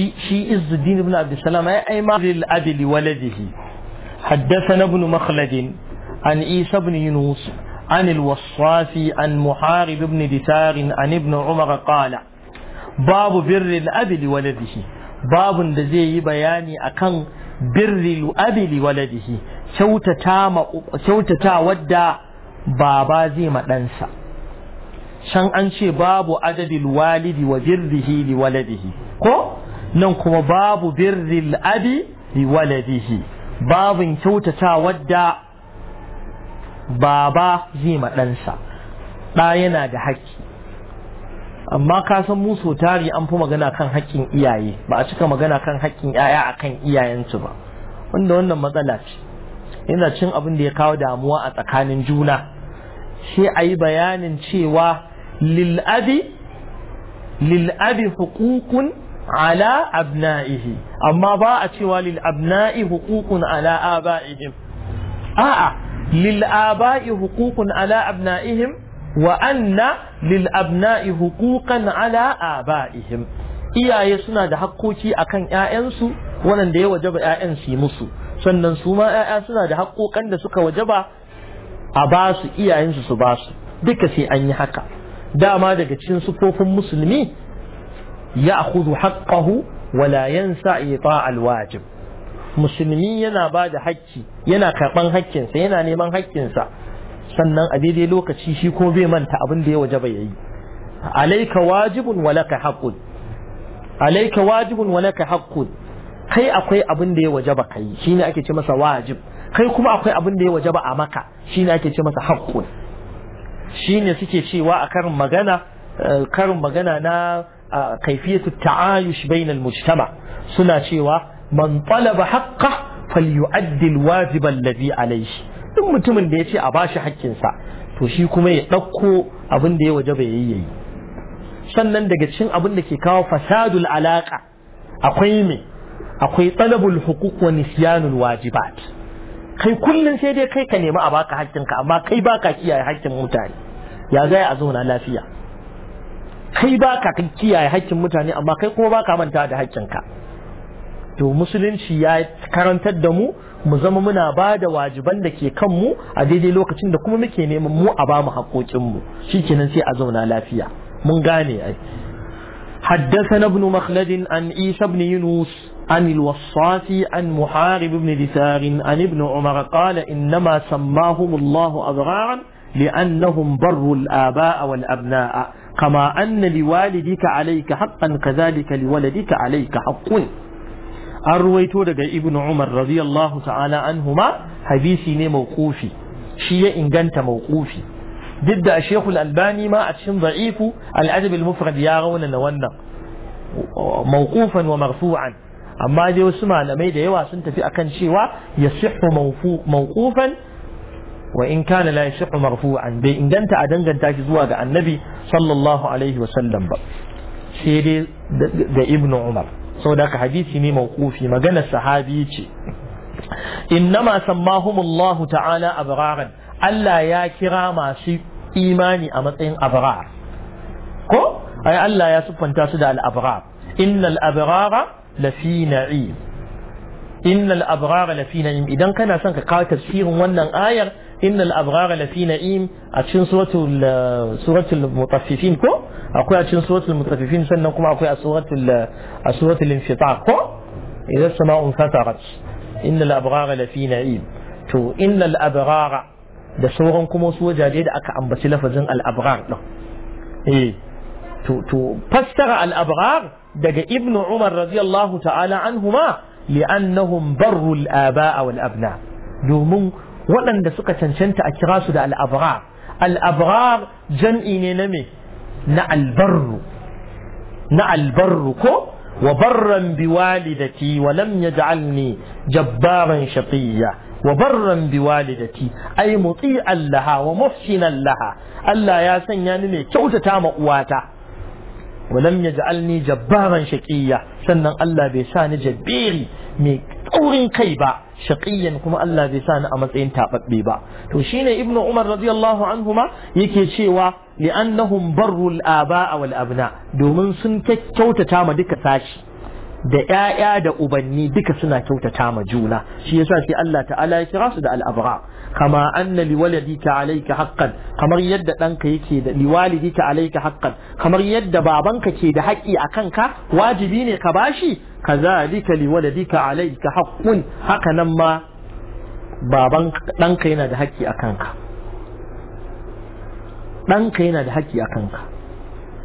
shi shi Izzuddin ibn Abdussalam ai ai ma lil adli An حدثنا ابن مخلد عن عيسى بن يونس عن الوصافي عن محارب بن دثار عن ابن عمر قال باب بر الأب باب da zai yi bayani akan birri abi kyautata wadda baba zai ma ɗansa an ce babu adadil walidi wa birrihi li waladihi ko nan kuma babu birril abi li waladihi babin kyautata wadda baba zai ma ɗansa ɗa yana da haƙƙi amma ka san mu so tari an fi magana kan haƙƙin iyaye ba a cika magana kan haƙƙin ‘ya'ya akan kan iyayensu ba wanda wannan matsala ce yana cin abin da ya kawo damuwa a tsakanin juna sai a yi bayanin cewa lil'abi lil'abi hukukun ala abna'ihi amma ba a cewa lil abna'i huququn ala aba'ihim a'a lil aba'i huququn ala abna'ihim wa anna lil abna'i huquqan ala aba'ihim iyaye suna da hakkoki akan ƴaƴansu wannan da ya wajaba ƴaƴan su musu sannan su ma ƴaƴa suna da hakkokan da suka wajaba a ba su iyayensu su ba su duka sai an yi haka dama daga cikin sufofin musulmi ya'khudhu حقه ولا ينسى yansa الواجب alwajib musulmi yana ba da hakki yana karban hakkinsa yana neman hakkinsa sannan a daidai lokaci shi ko bai manta abin da ya waje عليك yi ولك حق kai akwai abin da ya waje ba kai shine ake ce masa wajib kai kuma akwai abin da ya waje ba a maka shine ake ce masa haqqun shine suke cewa a karin magana karin magana na kaifiyatu ta'ayush bainal mujtama suna cewa man talaba haqqa falyu'addi alwajiba alladhi alayhi duk mutumin da yace a bashi sa to shi kuma ya ɗauko abin da ya waje bai yayi sannan daga cikin abin da ke kawo fasadul alaƙa akwai me akwai talabul huquq wa nisyanul wajibat kai kullun sai dai kai ka nemi a baka haƙƙinka amma kai baka kiyaye haƙƙin mutane ya zai a zauna lafiya kai ba ka kiyaye haƙƙin mutane amma kai kuma ba ka manta da haƙƙinka to musulunci ya karantar da mu mu zama muna ba da wajiban da ke kanmu a daidai lokacin da kuma muke neman mu a haƙoƙin mu haƙoƙinmu shikenan sai a zauna lafiya mun gane ai حدثنا ابن مخلد عن عيسى بن يونس عن الوصاف عن محارب بن دثار عن ابن عمر قال إنما سماهم الله أبرارا لأنهم بروا الآباء والأبناء كما أن لوالدك عليك حقا كذلك لولدك عليك حق أرويتو دقى ابن عمر رضي الله تعالى عنهما حديثي ني موقوفي شيء إن كانت موقوفي ضد الشيخ الألباني ما أتشن ضعيف الأدب المفرد يا غونا نونا موقوفا ومرفوعا أما دي وسمع لما يدعي واسنت في أكن شيء يصح موقوفا wa in kana la yashiqu marfu'an bai inganta a danganta shi zuwa ga annabi sallallahu alaihi wa sallam ba sai dai da ibnu umar saboda haka hadisi ne mawqufi maganar sahabi ce innama sammahumullahu ta'ala abraran Allah ya kira masu imani a matsayin abrar ko ai Allah ya siffanta su da al-abrar innal abrara lafi na'im innal abrara lafi na'im idan kana son ka kawo tafsirin wannan ayar Inna abghara lafi na'im a cikin suratul eh, suratul ko akwai a cikin suratul mutaffifin sannan kuma akwai a suratul eh, a suratul ko idza sama'un fatarat innal abghara na'im to da sauran kuma wasu wajaje da aka ambaci lafazin al abghar eh to fassara al daga ibnu umar radiyallahu ta'ala anhuma li'annahum barrul aba'a wal abna domin waɗanda suka cancanta a kira su da al'abrar al'abrar jam'i ne na me na albarru na albarru ko wa barran bi walidati wa lam yaj'alni jabbaran shaqiyya wa barran bi walidati ay muti'an laha wa mufsinan laha Allah ya sanya ni ne kyautata ma uwata wa lam yaj'alni jabbaran shaqiyya sannan Allah bai sa ni jabbiri mai tsaurin kai ba shaqiyan kuma Allah zai sa ni a matsayin tababbe ba to shine ibnu umar radiyallahu anhu ma yake cewa li'annahum barrul aba'a wal abna domin sun kyautata ma duka sashi da ‘ya'ya da ubanni duka suna kyautata ma juna shi yasa sai Allah ta'ala ya kira su da al'abra kama anna liwalidika alayka haqqan kamar yadda ɗanka yake da liwalidika alayka haqqan kamar yadda babanka ke da haƙƙi a kanka wajibi ne ka bashi kazalika liwaladika alayka haqqun haka nan ma baban ɗanka yana da haƙƙi a kanka ɗanka yana da haƙƙi a kanka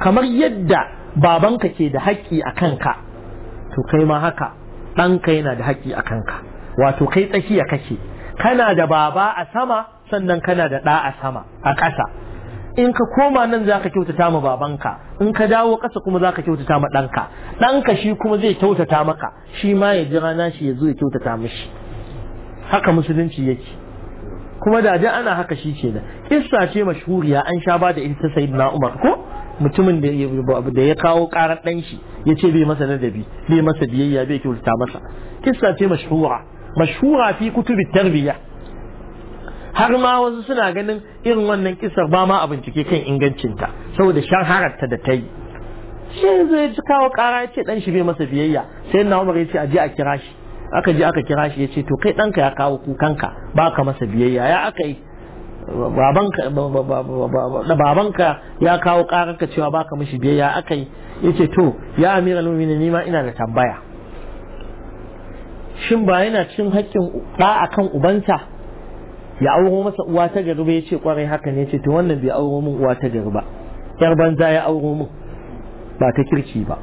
kamar yadda babanka ke da haƙƙi a kanka to kai ma haka ɗanka yana da haƙƙi a kanka wato kai tsakiya kake kana da baba a sama sannan kana da ɗa a sama a ƙasa in ka koma nan za ka kyautata ma babanka in ka dawo ƙasa kuma za ka kyautata ma ɗanka ɗanka shi kuma zai kyautata maka shi ma ya jira na shi ya zo ya kyautata mishi haka musulunci yake kuma da dai ana haka shi kenan kissa ce mashhuriya an sha ba da ita na Umar ko mutumin da ya kawo karar ɗan shi ya ce bai masa ladabi bai masa biyayya bai kyautata masa kissa ce mashhura mashhura fi kutubi tarbiyya har ma wasu suna ganin irin wannan kisar ba ma a bincike kan ingancinta saboda shan hararta da ta yi shi zai ci kawo kara ya ce dan shi bai masa biyayya sai na umar ya ce a je a kira shi aka je aka kira shi ya ce to kai ɗanka ya kawo kukanka ba ka masa biyayya ya aka yi babanka ya kawo ka cewa ba ka mashi biyayya aka yi ya ce to ya amira lumini na nima ina da tambaya shin ba yana cin haƙƙin ɗa a kan ubansa ya auro masa uwa ta gari ba ya ce kwarai haka ne ce to wannan bai auro min uwa ta gari ba yar banza ya auro min ba ta kirki ba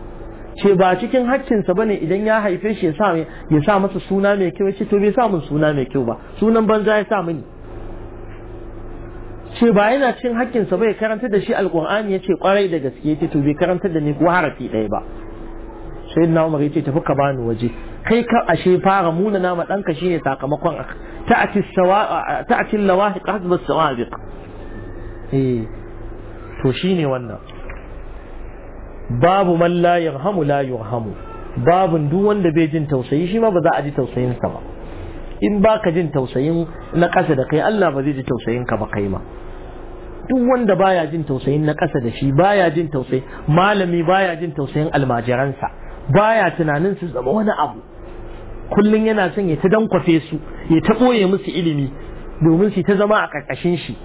ce ba cikin hakkinsa bane idan ya haife shi ya sa masa suna mai kyau ce to bai sa min suna mai kyau ba sunan banza ya sa mini ce ba yana cikin haƙƙinsa ba ya karanta da shi alkur'ani ya ce kwarai da gaske ya ce to bai karanta da ni ko harafi ɗaya ba sai na umar ya ce tafi ka bani waje kai ka ashe fara muna nama ɗanka shine sakamakon ta'atin lawahiq hasba sawabiq eh to shi ne wannan babu man la yarhamu la yarhamu babu duk wanda bai jin tausayi shi ma ba za a ji tausayin sa ba in baka jin tausayin na ƙasa da kai Allah ba zai ji tausayin ka ba kai ma duk wanda baya jin tausayin na ƙasa da shi baya jin tausayi malami baya jin tausayin almajiransa baya tunanin su zama wani abu kullum yana son ya ta dankwafe su ya ta ɓoye musu ilimi domin su ta zama a ƙarƙashin shi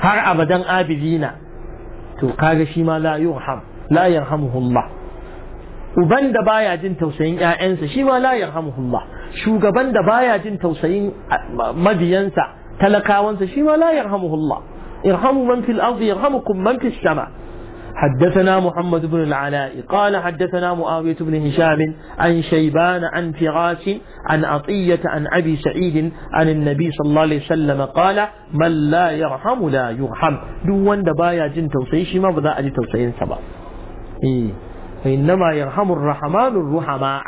har abadan abidina to kaga shi ma la yurham la yarhamuhullah uban da baya jin tausayin ƴaƴansa shi ma la yarhamuhullah shugaban da baya jin tausayin mabiyansa talakawansa shi ma la yarhamuhullah irhamu man fil ardi yarhamukum man fis sama' حدثنا محمد بن العلاء قال حدثنا معاوية بن هشام عن شيبان عن فراس عن عطية عن أبي سعيد عن النبي صلى الله عليه وسلم قال من لا يرحم لا يرحم دون دبايا جن توسيش ما بدا أجي توسين سبا فإنما يرحم الرحمن الرحماء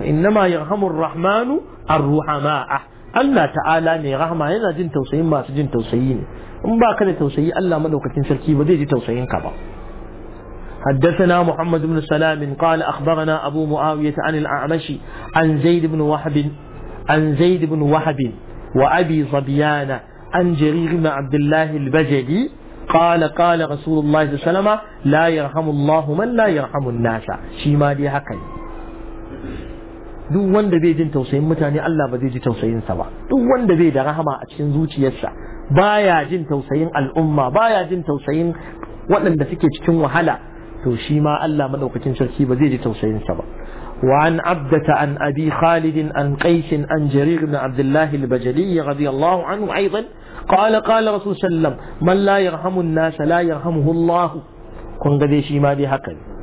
فإنما يرحم الرحمن الرحماء Allah ta'ala ne rahama yana jin tausayin masu jin tausayi ne in ba ka da tausayi Allah madaukakin sarki ba zai ji tausayin ka ba حدثنا محمد بن سلام قال أخبرنا أبو معاوية عن الأعمش عن زيد بن وهب عن زيد بن وهب وأبي ظبيان عن جرير بن عبد الله البجلي قال قال رسول الله صلى الله عليه وسلم لا يرحم الله من لا يرحم الناس شيما دي حقا duk wanda bai jin tausayin mutane Allah ba zai ji tausayin sa ba duk wanda bai da rahama a cikin zuciyarsa baya jin tausayin al'umma baya jin tausayin waɗanda suke cikin wahala to shi ma Allah madaukakin sarki ba zai ji tausayin sa ba وعن an عن an خالد عن قيس عن جرير بن عبد الله البجلي رضي الله عنه أيضا قال قال رسول الله من لا يرحم الناس لا يرحمه الله كن قد ما بهكذا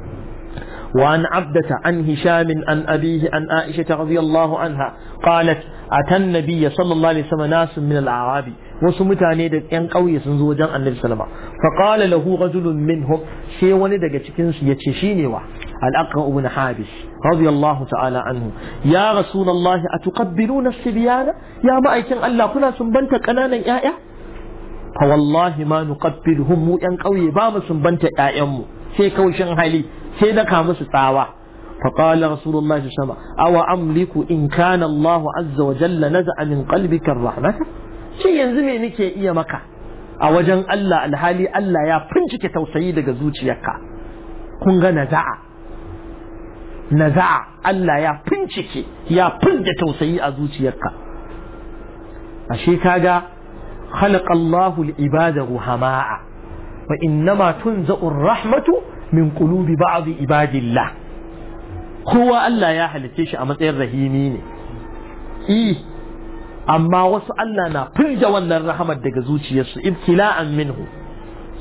وعن عبدة عن هشام عن أبيه عن عائشة رضي الله عنها قالت أتى النبي صلى الله عليه وسلم ناس من الأعراب وسمتاني دك ين قوي سنزو جان النبي صلى الله عليه وسلم فقال له رجل منهم شي وني دك cikin su yace shine wa al-aqra ibn habis رضي الله تعالى عنه يا رسول الله أتقبلون الصبيان يا ما أيتن الله كنا سنبنت قنانا يا فوالله ما نقبلهم مو ين قوي با mu sunbanta ƴaƴanmu sai kaushin hali sai daka musu tsawa فقال رسول الله صلى الله عليه وسلم أو أملك إن كان الله عز وجل نزع من قلبك الرحمة شيء ينزمي نكي إيا مكة أو جن الله الحالي الله يا فنجك توسيي دقا زوجي يكا كنغ نزع نزع الله يا فنجك يا فنج توسيي أزوجي يكا أشي كاقا خلق الله العباد رحماء وإنما تنزع الرحمة min qulubi ba'd ibadillah kowa Allah ya halice shi a matsayin rahimi ne eh amma wasu Allah na firja wannan rahamar daga zuciyarsu ibtila'an minhu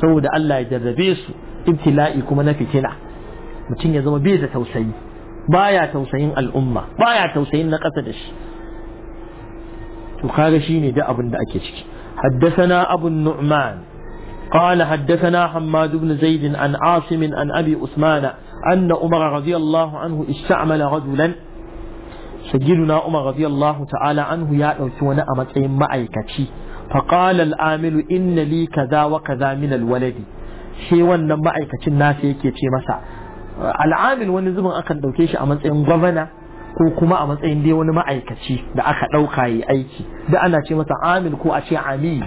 saboda Allah ya jarrabe su ibtila'i kuma na fitina mutum ya zama bai da tausayi baya tausayin al'umma baya tausayin na ƙasa da shi to kaga shine da abin da ake ciki حدثنا أبو النعمان قال حدثنا حماد بن زيد عن عاصم عن أبي أثمان أن عمر رضي الله عنه استعمل رجلا سجلنا عمر رضي الله تعالى عنه يا أوتونا أمتين معيكتي فقال العامل إن لي كذا وكذا من الولد shi wannan ma'aikacin nasa yake ce masa al'amil wani zubin akan ɗauke shi a matsayin gwamna ko kuma a matsayin dai wani ma'aikaci da aka ɗauka yi aiki da ana ce masa amil ko a ce amil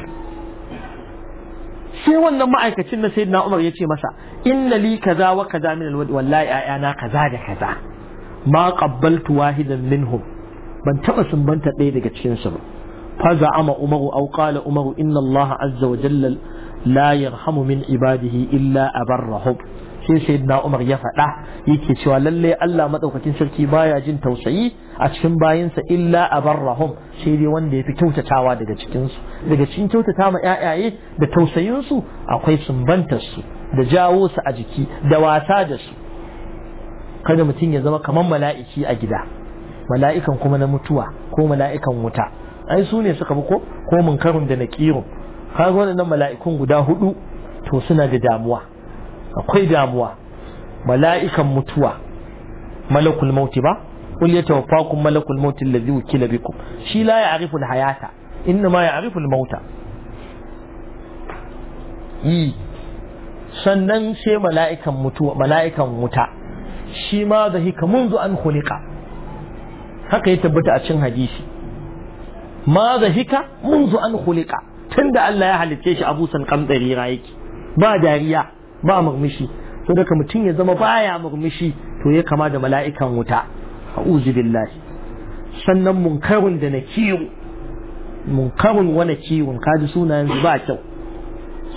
sai wannan ma'aikacin na sayyidina Umar yace masa inna li kaza wa kaza min alwad wallahi ayana kaza da kaza ma qabbaltu wahidan minhum ban taba sumbanta ɗaya daga cikin su ba fa ama Umaru aw qala Umaru inna Allah azza wa jalla la yarhamu min ibadihi illa abarrahum sai na Umar ya faɗa yake cewa lalle Allah matsaukacin sarki baya jin tausayi a cikin bayinsa illa a rahom sai dai wanda ya fi kyautatawa daga cikinsu daga cikin kyautata ma ƴaƴaye da tausayinsu akwai sumbantar su da jawo su a jiki da wasa da su kada mutum ya zama kamar mala'iki a gida mala'ikan kuma na mutuwa ko mala'ikan wuta ai su ne suka fi ko ko munkarun da na kiro kaga waɗannan mala'ikun guda hudu to suna da damuwa akwai damuwa mala'ikan mutuwa malakul mauti ba qul yatawaffakum malakul mauti alladhi wukila bikum shi la ya'rifu al-hayata inna ma ya'rifu al-mauta yi sannan sai mala'ikan mutuwa mala'ikan wuta shi ma zahika munzu an khuliqa haka ya tabbata a cikin hadisi ma zahika munzu an khuliqa tunda Allah ya halicce shi abusan kamtsari ra yake ba dariya ba murmushi so daga mutum ya zama baya murmushi to ya kama da mala'ikan wuta a'udhu billahi sannan munkarun da nakirun munkarun wa nakirun kaji sunayen su ba kyau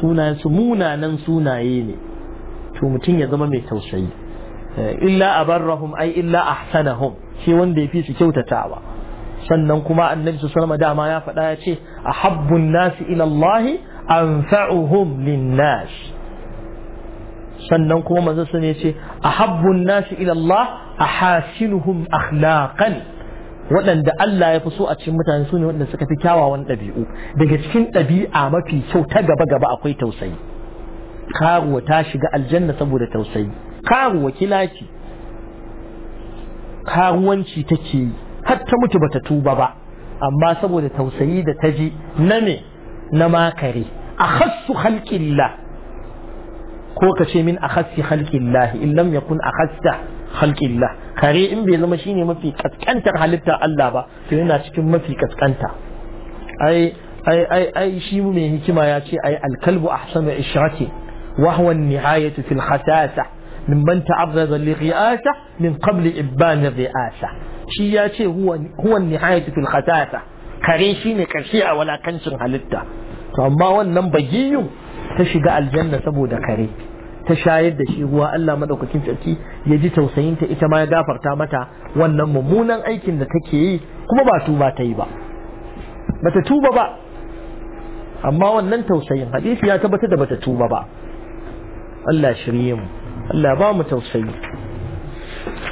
sunayen su munanan sunaye ne to mutum ya zama mai tausayi eh, illa barrahum ai illa ahsanahum shi wanda ya fi su kyautatawa sannan kuma annabi sallama dama ya faɗa ya ce ahabbun nasi ila Allah anfa'uhum lin nas sannan kuma manzo sun ya ce ahabbun nasi ila Allah ahasinuhum akhlaqan waɗanda Allah ya fi so a cikin mutane su ne waɗanda suka fi kyawawan ɗabi'u daga cikin ɗabi'a mafi kyau ta gaba gaba akwai tausayi karuwa ta shiga aljanna saboda tausayi karuwa kilaki karuwanci take yi har ta mutu bata tuba ba amma saboda tausayi da ta ji na me na makare a khassu khalqillah ko ka ce min akhassi khalqillah in lam yakun akhassa khalqillah kare in bai zama shine mafi kaskantar halitta Allah ba to yana cikin mafi kaskanta ai ai ai ai shi mai hikima ya ce ai alkalbu ahsanu ishrati wa huwa an-nihayatu fil khasasa min man ta'arraza li ri'asa min qabl ibban ri'asa shi ya ce huwa huwa an-nihayatu fil khasasa kare shine karshe a walakancin halitta to amma wannan bagiyun ta shiga aljanna saboda kare ta shayar da shi ruwa Allah madaukakin sarki ya ji ta ita ma ya gafarta mata wannan mummunan aikin da take yi kuma ba tuba ta yi ba bata tuba ba amma wannan tausayin hadisi ya tabbatar da bata tuba ba Allah shirye mu Allah ba mu tausayi